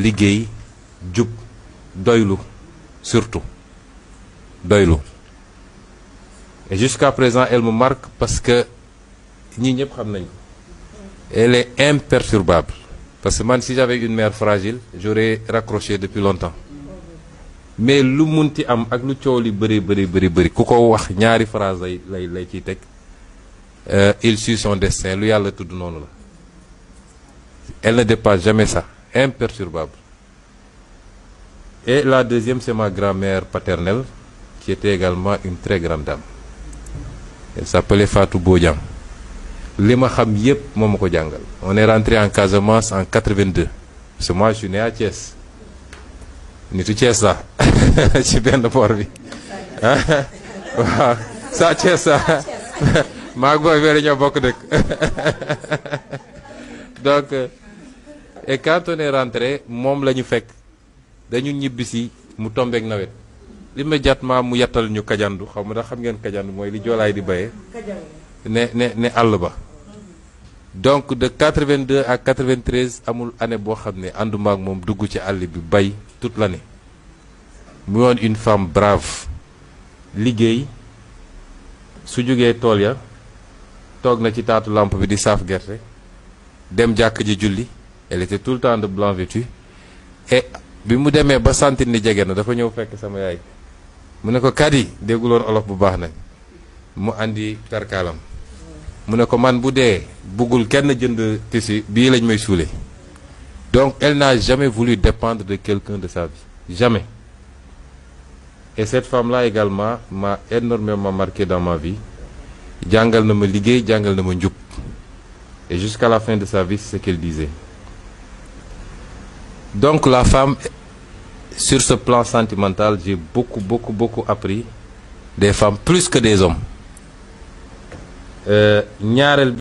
Liguei jub doylu surtout doylu et jusqu'à présent elle me marque parce que elle est imperturbable parce que man si j'avais une mère fragile j'aurais raccroché depuis longtemps mais lu munti am ak lu cioli li bëri bëri bëri phrase lay euh, il suit son destin lu le tout nonu la elle ne dépasse jamais ça imperturbable. Et la deuxième, c'est ma grand-mère paternelle, qui était également une très grande dame. Elle s'appelait Fatou Boyan. On est rentré en Casamance en 82. Parce que moi, je suis né à Thiès. Ni tout Thiès là. Je suis bien de port. Ah, ça, Thiès ça. ma grand-mère est beaucoup Donc. Euh, et quand on est moom la ñu fekk dañu ñibbisi mu tombeek nawet immédiatement mu yattal ñu kajandu xaw ma xam ngeen kajandu mooy li joolaay di béyee ne ne àll ba donc de 82 à 93 amul année boo xam ne ànduma ak moom dugg ci àll bi bay la l'année mu woon une femme brave liggéey su jógee tool ya toog na ci taatu làmp bi di saaf gerte dem jàkk ci julli elle était tout le temps de blanc vêtue et bi mu demee ba sentir ni jege na dafa ñëw fekk sama yaay mu ne ko kat yi dégguloon olof bu baax nag mu andi karkaalam mu ne ko man bu dee buggul kenn jënd tissu bii lañ may donc elle n'a jamais voulu dépendre de quelqu'un de sa vie jamais et cette femme là également m'a énormément marqué dans ma vie jàngal na ma liggéey jàngal na ma njub et jusqu'à la fin de sa vie c'est ce qu'elle disait donc la femme, sur ce plan sentimental, j'ai beaucoup, beaucoup, beaucoup appris des femmes plus que des hommes. Euh,